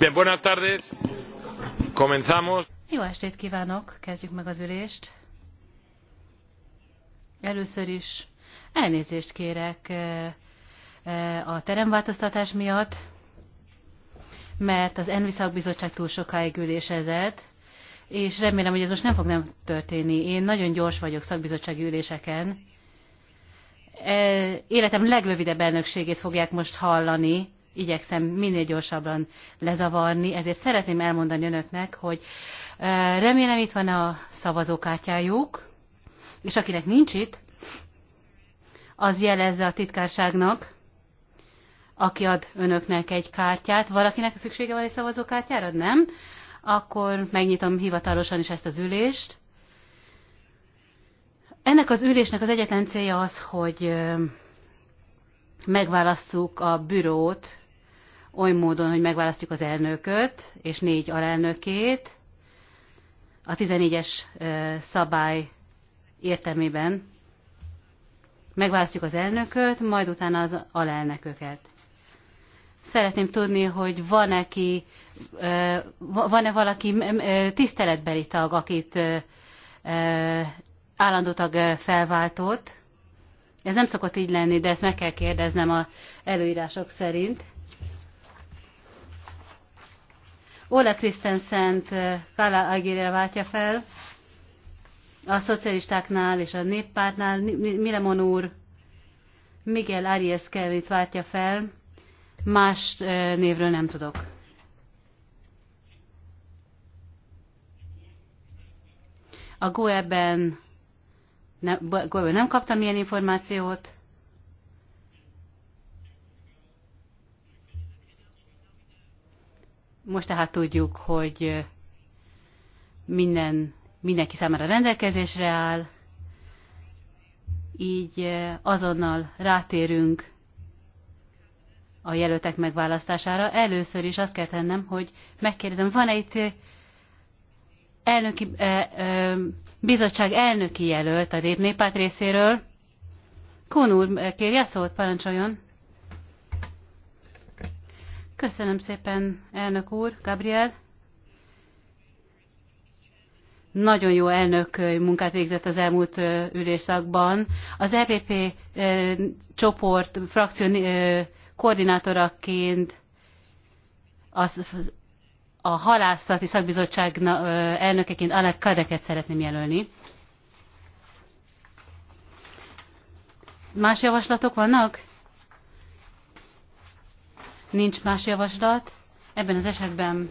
Bien, buenas tardes. Comenzamos. Jó estét kívánok, kezdjük meg az ülést. Először is elnézést kérek eh, eh, a teremváltoztatás miatt, mert az Envi Szakbizottság túl sokáig ülésezett, és remélem, hogy ez most nem fog nem történni. Én nagyon gyors vagyok szakbizottsági üléseken, E, életem legrövidebb elnökségét fogják most hallani, igyekszem minél gyorsabban lezavarni, ezért szeretném elmondani önöknek, hogy e, remélem itt van a szavazókártyájuk, és akinek nincs itt, az jelezze a titkárságnak, aki ad önöknek egy kártyát. Valakinek szüksége van egy szavazókártyára? Nem? Akkor megnyitom hivatalosan is ezt az ülést. Ennek az ülésnek az egyetlen célja az, hogy megválasztjuk a bürót oly módon, hogy megválasztjuk az elnököt és négy alelnökét a 14-es szabály értelmében. Megválasztjuk az elnököt, majd utána az alelnököket. Szeretném tudni, hogy van-e ki, van-e valaki tiszteletbeli tag, akit állandó tag eh, felváltott. Ez nem szokott így lenni, de ezt meg kell kérdeznem a előírások szerint. Ole Kristensen, Kala eh, Agirre váltja fel, a szocialistáknál és a néppártnál Milemon úr Miguel Arias Kevit váltja fel, más eh, névről nem tudok. A GOE-ben nem, Golyó nem kaptam ilyen információt. Most tehát tudjuk, hogy minden, mindenki számára rendelkezésre áll, így azonnal rátérünk a jelöltek megválasztására. Először is azt kell tennem, hogy megkérdezem, van-e itt elnöki, bizottság elnöki jelölt a néppárt részéről. Kun úr, kérje szót, parancsoljon. Köszönöm szépen, elnök úr, Gabriel. Nagyon jó elnök munkát végzett az elmúlt ülésszakban. Az EPP csoport frakció koordinátoraként az a halászati szakbizottság elnökeként Alek Kadeket szeretném jelölni. Más javaslatok vannak? Nincs más javaslat. Ebben az esetben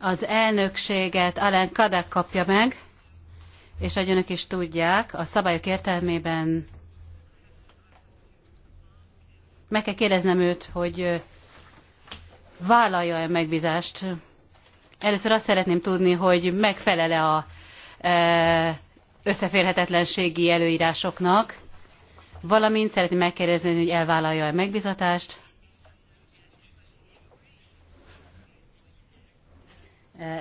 az elnökséget Alán Kadek kapja meg, és ahogy önök is tudják, a szabályok értelmében meg kell kérdeznem őt, hogy vállalja-e megbízást. Először azt szeretném tudni, hogy megfelele a összeférhetetlenségi előírásoknak, valamint szeretném megkérdezni, hogy elvállalja-e megbizatást.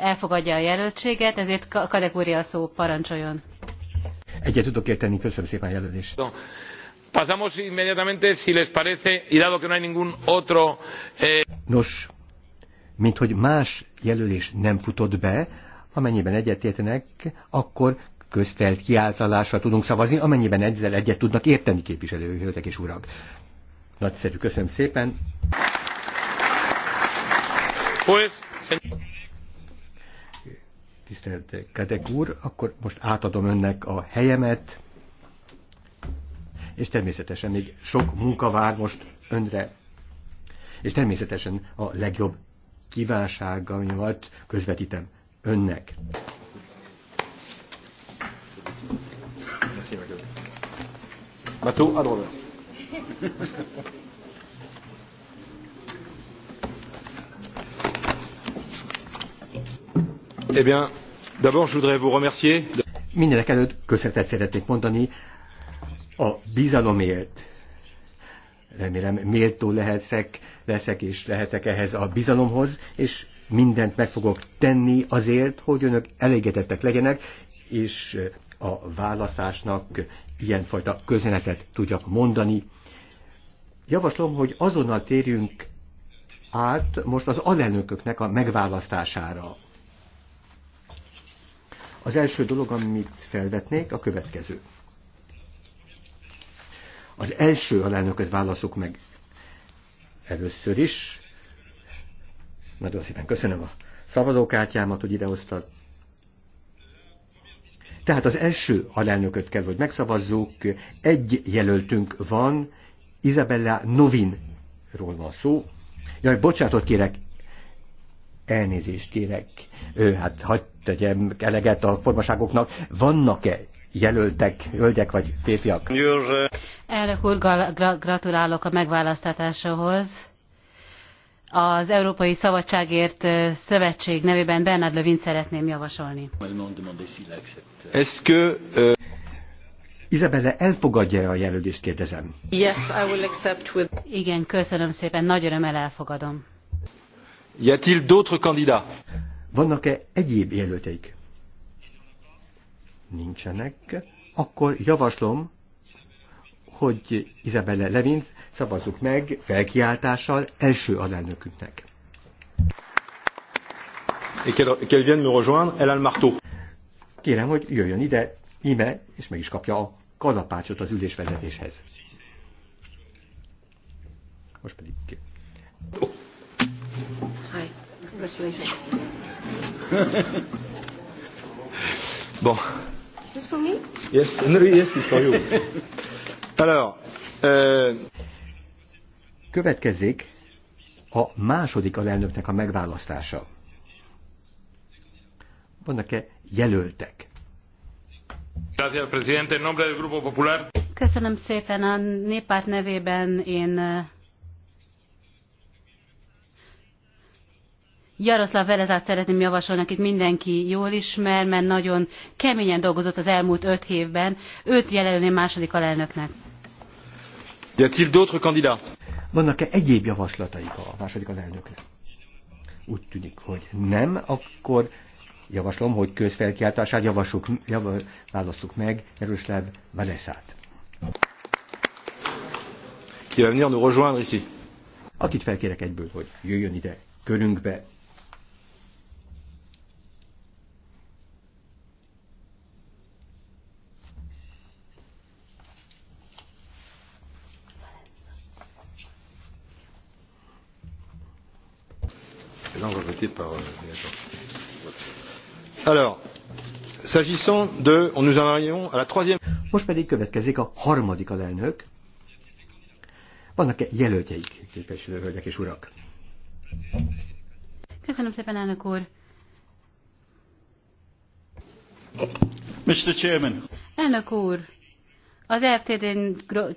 Elfogadja a jelöltséget, ezért kategória szó parancsoljon. Egyet tudok érteni, köszönöm szépen a jelölést. Pasamos inmediatamente, si les parece, y dado que no hay ningún otro... Eh... Nos, mint hogy más jelölés nem futott be, amennyiben egyetértenek, akkor közfelt kiáltalásra tudunk szavazni, amennyiben ezzel egyet tudnak érteni képviselőhölgyek és urak. Nagyszerű, köszönöm szépen. Pues, Tisztelt Kadek úr, akkor most átadom önnek a helyemet és természetesen még sok munka vár most önre. És természetesen a legjobb kívánságaimat közvetítem önnek. Eh bien, d'abord, je voudrais vous remercier. Mindenek előtt köszönetet szeretnék mondani a bizalomért. Remélem méltó lehetek, leszek és lehetek ehhez a bizalomhoz, és mindent meg fogok tenni azért, hogy önök elégedettek legyenek, és a választásnak ilyenfajta közenetet tudjak mondani. Javaslom, hogy azonnal térjünk át most az alelnököknek a megválasztására. Az első dolog, amit felvetnék, a következő. Az első alelnököt válaszok meg először is. Nagyon szépen köszönöm a szavazókártyámat, hogy idehoztad. Tehát az első alelnököt kell, hogy megszavazzuk. Egy jelöltünk van, Isabella Novinról van szó. Jaj, bocsátot kérek, elnézést kérek. Ő, hát hagyd tegyem eleget a formaságoknak. Vannak-e jelöltek, hölgyek vagy férfiak. Elnök úr, gratulálok a megválasztatásához. Az Európai Szabadságért Szövetség nevében Bernard Lövin szeretném javasolni. Euh, Izabella elfogadja -e a jelölést, kérdezem. Yes, I will accept with... Igen, köszönöm szépen, nagy örömmel elfogadom. Y a-t-il d'autres candidats? Vannak-e egyéb jelölteik? nincsenek, akkor javaslom, hogy Izabella Levin szavazzuk meg felkiáltással első alelnökünknek. Kérem, hogy jöjjön ide, íme, és meg is kapja a kalapácsot az ülésvezetéshez. Most pedig. Oh. Hi, congratulations. bon for me? Yes, yes, it's for you. Alors, euh, a második alelnöknek a megválasztása. Vannak-e jelöltek? Köszönöm szépen a néppárt nevében én Jaroszláv Velezát szeretném javasolni, akit mindenki jól ismer, mert nagyon keményen dolgozott az elmúlt öt évben. Őt jelölném második alelnöknek. Y a-t-il d'autres candidats? Vannak-e egyéb javaslataik a második alelnöknek? Úgy tűnik, hogy nem, akkor javaslom, hogy közfelkiáltását javasluk, jav, válasszuk meg Jaroszláv Velezát. Ki va venir nous rejoindre ici? Akit felkérek egyből, hogy jöjjön ide körünkbe, là, on va voter par. Alors, s'agissant de. Nous en arrivons à la troisième. Most pedig következik a harmadik alelnök. Vannak-e jelöltjeik, képviselő hölgyek és urak? Köszönöm szépen, elnök úr. Mr. Chairman. Elnök úr, az EFTD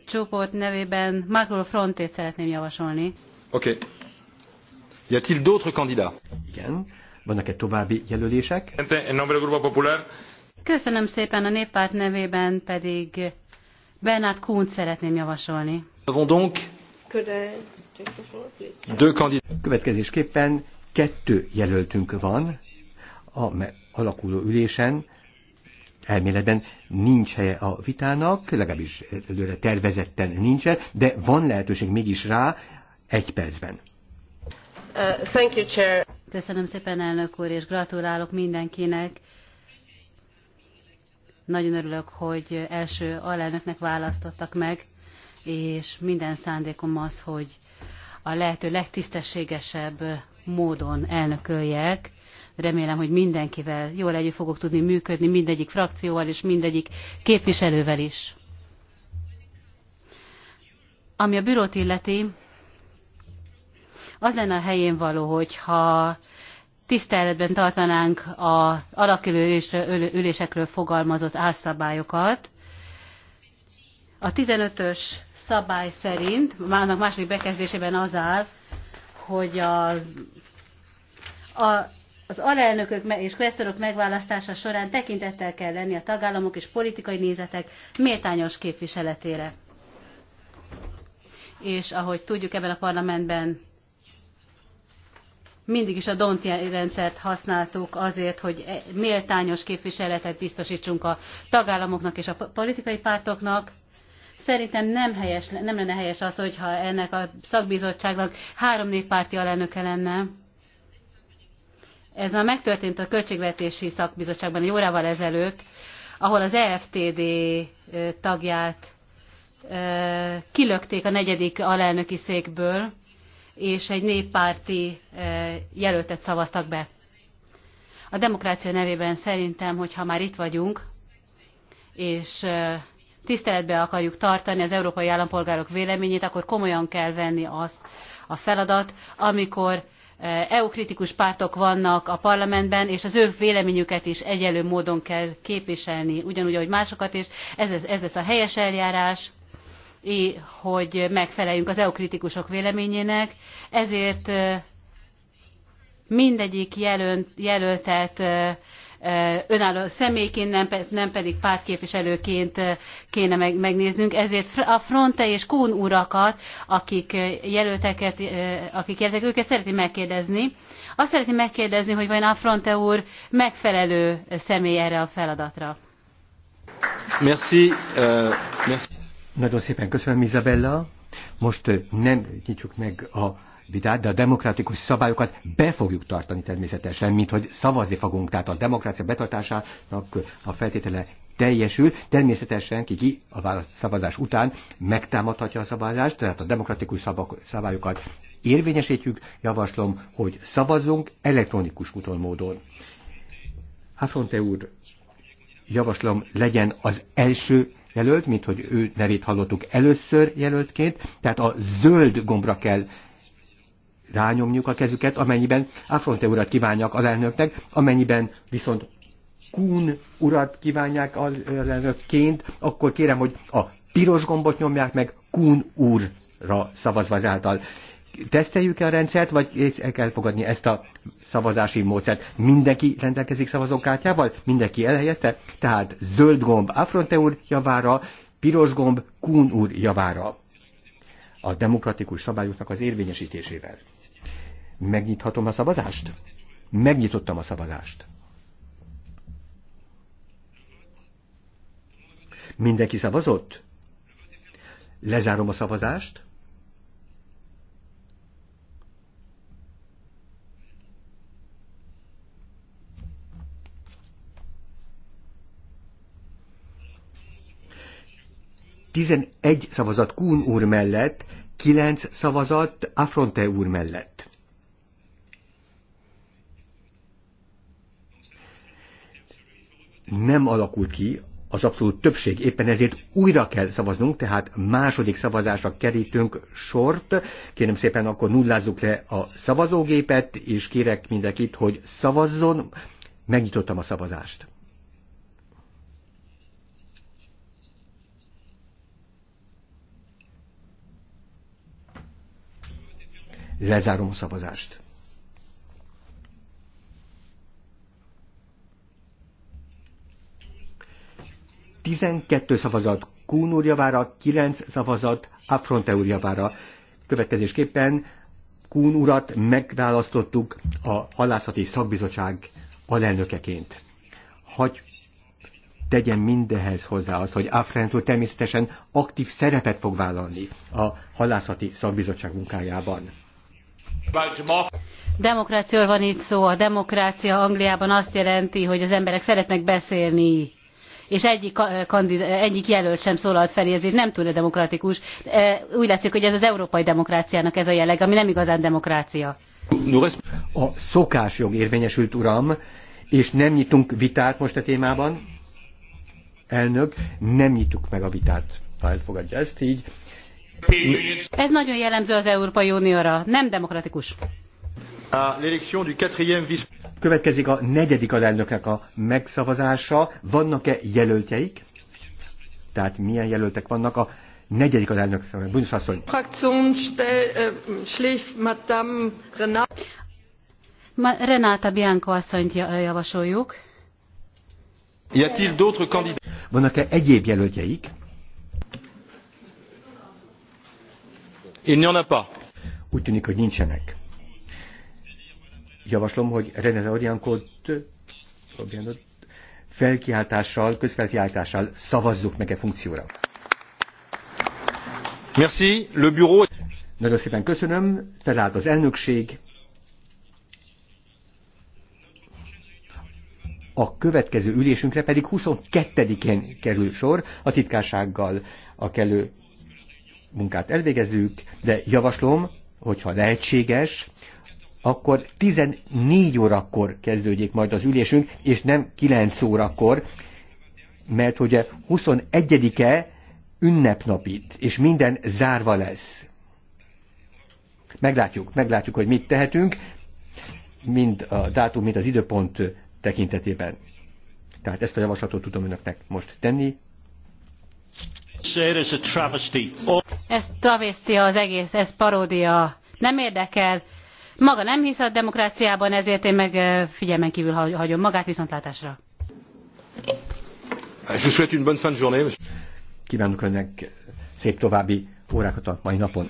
csoport nevében Marco Frontét szeretném javasolni. Oké. Okay. Y a-t-il d'autres candidats? Igen. Vannak-e további jelölések? Köszönöm szépen, a néppárt nevében pedig Bernard Kuhn szeretném javasolni. Következésképpen kettő jelöltünk van a alakuló ülésen, elméletben nincs helye a vitának, legalábbis előre tervezetten nincsen, de van lehetőség mégis rá egy percben. Uh, Köszönöm szépen, elnök úr, és gratulálok mindenkinek. Nagyon örülök, hogy első alelnöknek választottak meg, és minden szándékom az, hogy a lehető legtisztességesebb módon elnököljek. Remélem, hogy mindenkivel jól együtt fogok tudni működni, mindegyik frakcióval és mindegyik képviselővel is. Ami a bürót illeti, az lenne a helyén való, hogyha tiszteletben tartanánk az alakülésekről fogalmazott álszabályokat. A 15-ös szabály szerint, annak második bekezdésében az áll, hogy a, a, az alelnökök és kvesztorok megválasztása során tekintettel kell lenni a tagállamok és politikai nézetek méltányos képviseletére. És ahogy tudjuk ebben a parlamentben mindig is a Donti rendszert használtuk azért, hogy e, méltányos képviseletet biztosítsunk a tagállamoknak és a politikai pártoknak. Szerintem nem, helyes, nem lenne helyes az, hogyha ennek a szakbizottságnak három néppárti alelnöke lenne. Ez már megtörtént a Költségvetési Szakbizottságban egy órával ezelőtt, ahol az EFTD tagját kilökték a negyedik alelnöki székből, és egy néppárti e, jelöltet szavaztak be. A demokrácia nevében szerintem, hogy ha már itt vagyunk, és e, tiszteletbe akarjuk tartani az európai állampolgárok véleményét, akkor komolyan kell venni azt a feladat, amikor e, EU kritikus pártok vannak a parlamentben, és az ő véleményüket is egyelő módon kell képviselni, ugyanúgy, ahogy másokat is. Ez, ez, ez lesz a helyes eljárás hogy megfeleljünk az EU kritikusok véleményének, ezért mindegyik jelölt, jelöltet önálló személyként, nem, nem pedig pártképviselőként kéne meg, megnéznünk. Ezért a Fronte és Kuhn urakat, akik jelölteket, akik jelöltek, őket szeretném megkérdezni. Azt szeretném megkérdezni, hogy vajon a Fronte úr megfelelő személy erre a feladatra. Merci. Uh, merci. Nagyon szépen köszönöm, Izabella. Most nem nyitjuk meg a vitát, de a demokratikus szabályokat be fogjuk tartani természetesen, mint hogy szavazni fogunk. Tehát a demokrácia betartásának a feltétele teljesül. Természetesen ki, ki a szavazás után megtámadhatja a szavazást, tehát a demokratikus szabályokat érvényesítjük. Javaslom, hogy szavazzunk elektronikus úton módon. Afonte úr, javaslom legyen az első jelölt, mint hogy ő nevét hallottuk először jelöltként, tehát a zöld gombra kell rányomjuk a kezüket, amennyiben Afronte urat kívánják az elnöknek, amennyiben viszont kún urat kívánják az elnökként, akkor kérem, hogy a piros gombot nyomják meg kún úrra szavazva ezáltal teszteljük -e a rendszert, vagy el kell fogadni ezt a szavazási módszert. Mindenki rendelkezik szavazókártyával, mindenki elhelyezte, tehát zöld gomb Afronte úr javára, piros gomb Kún úr javára a demokratikus szabályoknak az érvényesítésével. Megnyithatom a szavazást? Megnyitottam a szavazást. Mindenki szavazott? Lezárom a szavazást. 11 szavazat Kún úr mellett, 9 szavazat Afronte úr mellett. Nem alakult ki az abszolút többség, éppen ezért újra kell szavaznunk, tehát második szavazásra kerítünk sort. Kérem szépen, akkor nullázzuk le a szavazógépet, és kérek mindenkit, hogy szavazzon. Megnyitottam a szavazást. Lezárom a szavazást. Tizenkettő szavazat Kún úr javára, kilenc szavazat Affronte úr javára. Következésképpen Kún urat megválasztottuk a halászati szakbizottság alelnökeként. Hagy tegyen mindehez hozzá azt, hogy Afrent természetesen aktív szerepet fog vállalni a halászati szakbizottság munkájában. Demokráciáról van itt szó. A demokrácia Angliában azt jelenti, hogy az emberek szeretnek beszélni és egyik, eh, kandid, eh, egyik jelölt sem szólalt fel, ezért nem túl demokratikus. Eh, úgy látszik, hogy ez az európai demokráciának ez a jelleg, ami nem igazán demokrácia. A szokásjog érvényesült, uram, és nem nyitunk vitát most a témában. Elnök, nem nyitjuk meg a vitát. Ha elfogadja ezt így, ez nagyon jellemző az Európai Unióra, nem demokratikus. Következik a negyedik alelnöknek a megszavazása. Vannak-e jelöltjeik? Tehát milyen jelöltek vannak a negyedik alelnök szavazásában? Bűnös asszony. Renáta Bianco asszonyt javasoljuk. Vannak-e egyéb jelöltjeik? Il n'y en a pas. Úgy tűnik, hogy nincsenek. Javaslom, hogy René Orjankot felkiáltással, közfelkiáltással szavazzuk meg a e funkcióra. Merci, le bureau. Nagyon szépen köszönöm, felállt az elnökség. A következő ülésünkre pedig 22-én kerül sor a titkársággal a kellő munkát elvégezzük, de javaslom, hogyha lehetséges, akkor 14 órakor kezdődjék majd az ülésünk, és nem 9 órakor, mert a 21-e ünnepnapit, és minden zárva lesz. Meglátjuk, meglátjuk, hogy mit tehetünk, mind a dátum, mind az időpont tekintetében. Tehát ezt a javaslatot tudom önöknek most tenni ez travesztia az egész, ez paródia. Nem érdekel. Maga nem hisz a demokráciában, ezért én meg figyelmen kívül hagyom magát viszontlátásra. Je Kívánok önnek szép további órákat a mai napon.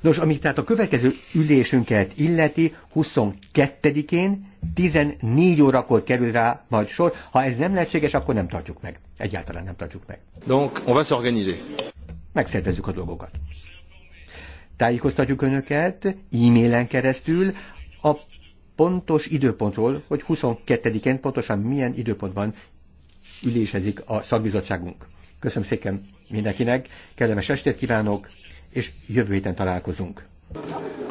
Nos, ami tehát a következő ülésünket illeti, 22-én 14 órakor kerül rá majd sor. Ha ez nem lehetséges, akkor nem tartjuk meg. Egyáltalán nem tartjuk meg. Donc, on va s'organiser megszervezzük a dolgokat. Tájékoztatjuk Önöket e-mailen keresztül a pontos időpontról, hogy 22-én pontosan milyen időpontban ülésezik a szakbizottságunk. Köszönöm szépen mindenkinek, kellemes estét kívánok, és jövő héten találkozunk.